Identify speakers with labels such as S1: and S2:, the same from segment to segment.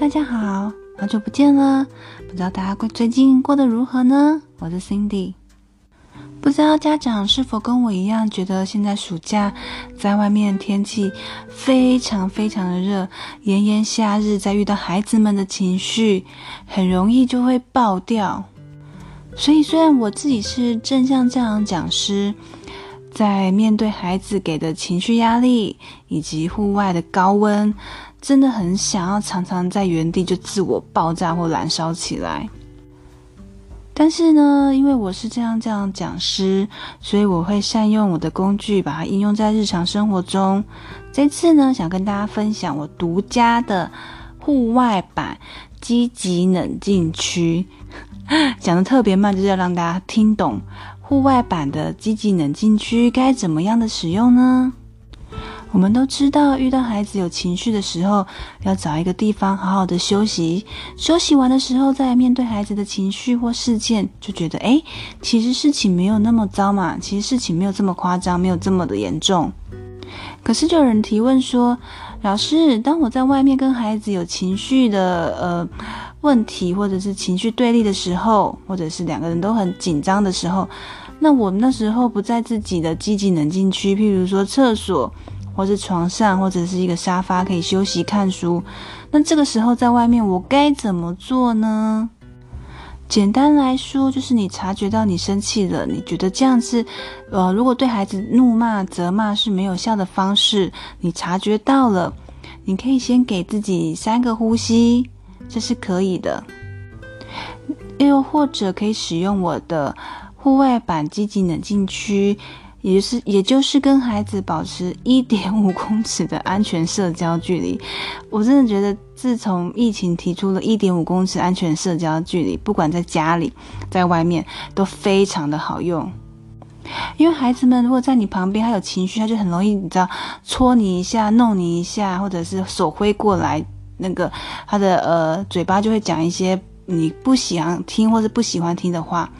S1: 大家好，好久不見了，不知道大家最近過得如何呢？我是 Cindy，不知道家長是否跟我一樣，覺得現在暑假在外面天氣非常非常的熱，炎炎夏日，在遇到孩子們的情緒，很容易就會爆掉。所以雖然我自己是正向教養講師，在面對孩子給的情緒壓力以及戶外的高溫，真的很想要常常在原地就自我爆炸或燃燒起來。但是呢，因為我是這樣這樣講師，所以我會善用我的工具，把它應用在日常生活中。這次呢，想跟大家分享我獨家的戶外版積極冷靜區，講得特別慢，就是要讓大家聽懂。戶外版的積極冷靜區該怎麼樣的使用呢？我們都知道，遇到孩子有情緒的時候，要找一個地方好好的休息。休息完的時候，再面對孩子的情緒或事件，就覺得誒、欸，其實事情沒有那麼糟嘛，其實事情沒有這麼誇張，沒有這麼的嚴重。可是就有人提問說，老師，當我在外面跟孩子有情緒的呃問題，或者是情緒對立的時候，或者是兩個人都很緊張的時候。那我那時候不在自己的積極冷靜區，譬如說廁所，或是床上，或者是一個沙發可以休息看書。那這個時候在外面，我該怎麼做呢？簡單來說，就是你察覺到你生氣了，你覺得這樣子，呃，如果對孩子怒罵、責罵是沒有效的方式，你察覺到了，你可以先給自己三個呼吸，這是可以的。又或者可以使用我的。戶外版積極冷靜區，也是也就是跟孩子保持一點五公尺的安全社交距離。我真的覺得，自從疫情提出了一點五公尺安全社交距離，不管在家裡、在外面都非常的好用。因為孩子們如果在你旁邊，他有情緒，他就很容易，你知道，戳你一下、弄你一下，或者是手揮過來，那個他的呃嘴巴就會講一些，你不喜歡聽，或是不喜歡聽的話，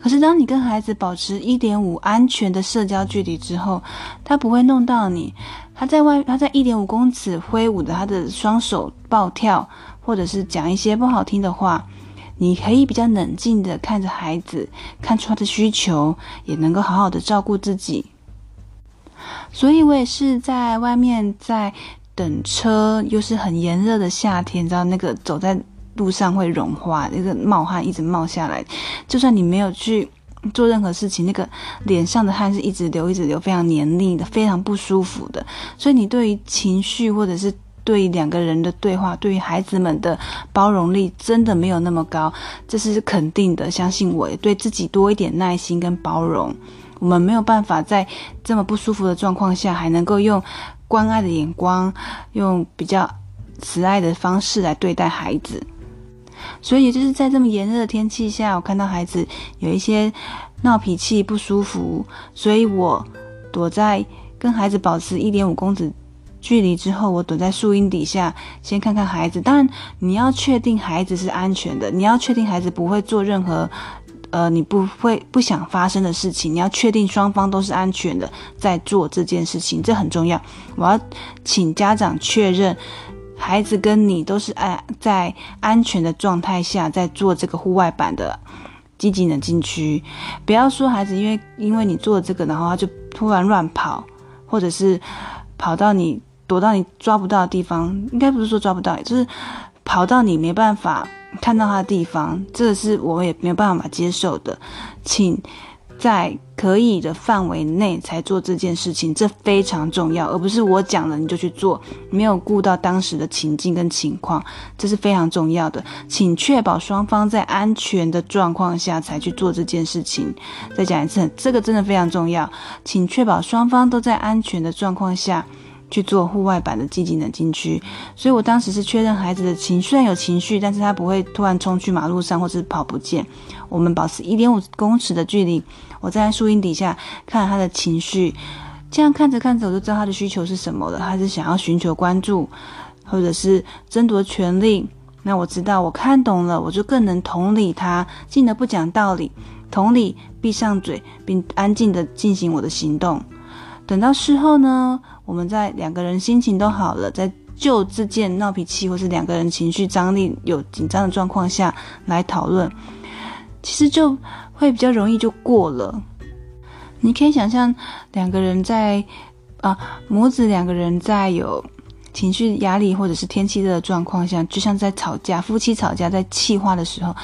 S1: 可是當你跟孩子保持一點五安全的社交距離之後，他不會弄到你。他在外，他在一點五公尺揮舞着他的雙手暴跳，或者是講一些不好聽的話，你可以比較冷靜的看着孩子，看出他的需求，也能夠好好的照顧自己。所以，我也是在外面在等車，又是很炎熱的夏天，你知道那個走在。路上會融化，那個冒汗，一直冒下來，就算你沒有去做任何事情，那個臉上的汗是一直流一直流，非常黏膩的，非常不舒服的。所以你對於情緒或者是對於兩個人的對話，對於孩子們的包容力真的沒有那麼高，這是肯定的。相信我，也對自己多一點耐心跟包容，我們沒有辦法在這麼不舒服的狀況下還能夠用關愛的眼光，用比較慈愛的方式來對待孩子。所以，就是在這麼炎熱的天氣下，我看到孩子有一些鬧脾氣、不舒服，所以我躲在跟孩子保持一點五公尺距離之後，我躲在樹蔭底下先看看孩子。當然，你要確定孩子是安全的，你要確定孩子不會做任何呃，你不會不想發生的事情。你要確定雙方都是安全的，再做這件事情，這很重要。我要請家長確認。孩子跟你都是愛，在安全的狀態下，在做這個戶外版的積極冷靜區，不要說孩子，因為因為你做了這個，然後他就突然亂跑，或者是跑到你躲到你抓不到的地方，應該不是說抓不到，就是跑到你沒辦法看到他的地方，這是我也沒有辦法接受的，請在可以的範圍內才做這件事情，這非常重要，而不是我講了你就去做，沒有顧到當時的情境跟情況，這是非常重要的，請確保雙方在安全的狀況下才去做這件事情。再講一次，這個真的非常重要，請確保雙方都在安全的狀況下。去做戶外版的積極冷靜區，所以我當時是確認孩子的情，雖然有情緒，但是他不會突然衝去馬路上，或是跑不見。我們保持一點五公尺的距離，我在樹蔭底下看他的情緒，這樣看着看着，我就知道他的需求是什麼了。他是想要尋求關注，或者是爭奪權力。那我知道，我看懂了，我就更能同理他，盡的不講道理，同理閉上嘴，並安靜的進行我的行動。等到事後呢？我們在兩個人心情都好了，在就這件鬧脾氣，或是兩個人情緒張力有緊張的狀況下來討論，其實就會比較容易就過了。你可以想象兩個人在啊，母子兩個人在有。情緒壓力或者是天氣熱的狀況下，就像在吵架，夫妻吵架在氣話的時候，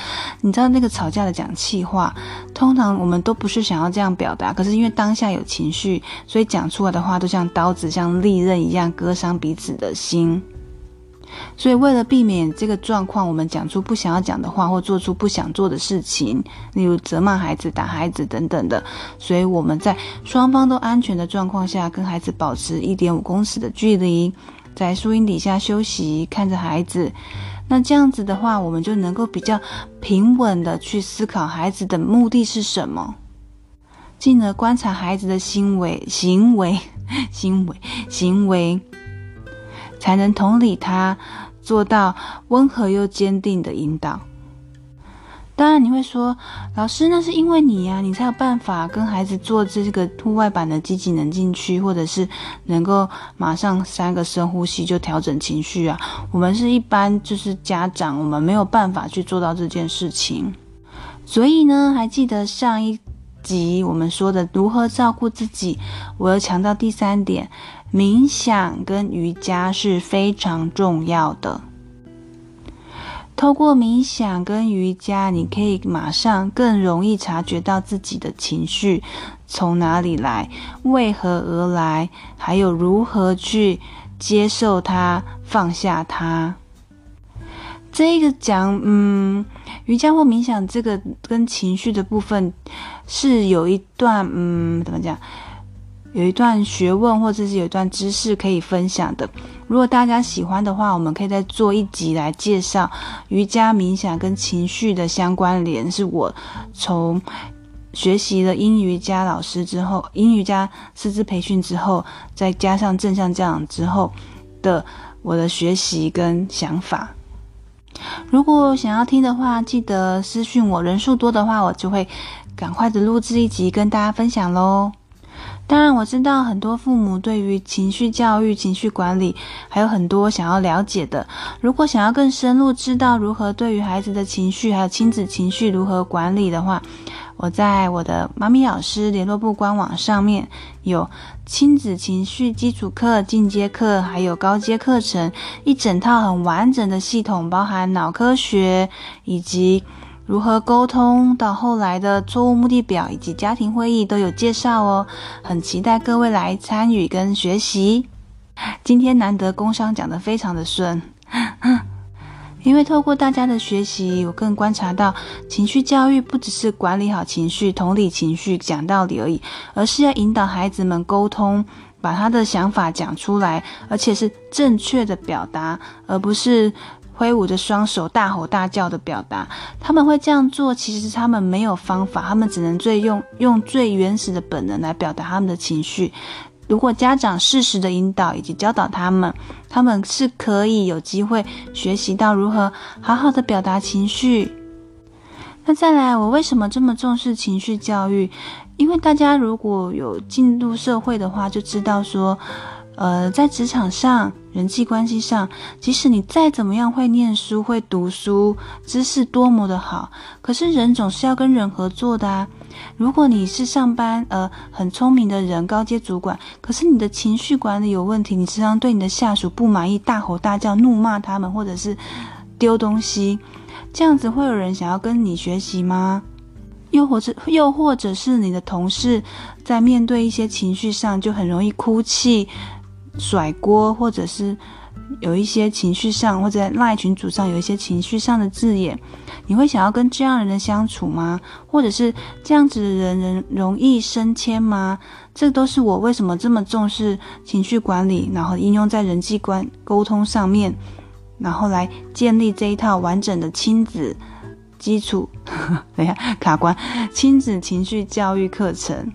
S1: 你知道那個吵架的講氣話，通常我們都不是想要這樣表達，可是因為當下有情緒，所以講出來的話都像刀子，像利刃一樣割傷彼此的心。所以為了避免這個狀況，我們講出不想要講的話，或做出不想做的事情，例如責罵孩子、打孩子等等的。所以我們在雙方都安全的狀況下，跟孩子保持一點五公尺的距離，在樹蔭底下休息，看着孩子。那這樣子的話，我們就能夠比較平穩的去思考孩子的目的是什麼，進而觀察孩子的行為、行為、行為、行為，才能同理他，做到溫和又堅定的引導。那你會說，老師，那是因為你呀、啊，你才有辦法跟孩子做這個戶外版的積極冷靜區，或者是能夠馬上三個深呼吸就調整情緒啊。我們是一般就是家長，我們沒有辦法去做到這件事情。所以呢，還記得上一集我們說的如何照顧自己，我要強調第三點，冥想跟瑜伽是非常重要的。透過冥想跟瑜伽，你可以馬上更容易察覺到自己的情緒從哪裡來，為何而來，還有如何去接受它、放下它。這個講，嗯，瑜伽或冥想這個跟情緒的部分是有一段，嗯，怎麼講？有一段學問或者是有一段知識可以分享的。如果大家喜歡的話，我們可以再做一集來介紹瑜伽冥想跟情緒的相關聯。是我從學習了陰瑜伽老師之後、陰瑜伽師資培訓之後，再加上正向教養之後的我的學習跟想法。如果想要聽的話，記得私訊我，人數多的話，我就會趕快的錄製一集跟大家分享嘍。當然，我知道很多父母對於情緒教育、情緒管理還有很多想要了解的。如果想要更深入知道如何對於孩子的情緒，還有親子情緒如何管理的話，我在我的媽咪老師聯絡部官網上面有親子情緒基礎課、進階課，還有高階課程，一整套很完整的系統，包含腦科學以及。如何溝通，到後來的錯誤目的表以及家庭會議都有介紹哦，很期待各位來參與跟學習。今天難得工商講得非常的順， 因為透過大家的學習，我更觀察到情緒教育不只是管理好情緒、同理情緒、講道理而已，而是要引導孩子們溝通，把他的想法講出來，而且是正確的表達，而不是。揮舞着雙手，大吼大叫的表達，他們會這樣做。其實他們沒有方法，他們只能最用、用最原始的本能來表達他們的情緒。如果家長適時的引導以及教導他們，他們是可以有機會學習到如何好好的表達情緒。那再來，我為什麼這麼重視情緒教育？因為大家如果有進入社會的話，就知道說，呃，在職場上。人際關係上，即使你再怎麼樣會念書、會讀書，知識多麼的好，可是人總是要跟人合作的啊。如果你是上班呃很聰明的人，高階主管，可是你的情緒管理有問題，你時常對你的下屬不滿意，大吼大叫、怒罵他們，或者是丟東西，這樣子會有人想要跟你學習嗎？又或者又或者是你的同事在面對一些情緒上就很容易哭泣。甩鍋，或者是有一些情緒上或者賴群組上有一些情緒上的字眼，你會想要跟這樣人的相處嗎？或者是這樣子的人人容易升遷嗎？這個、都是我為什麼這麼重視情緒管理，然後應用在人際關係溝通上面，然後來建立這一套完整的親子基礎。等一下，卡關，親子情緒教育課程。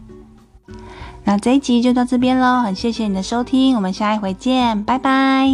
S1: 那這一集就到這邊嘍，很謝謝你的收聽，我們下一回見，拜拜。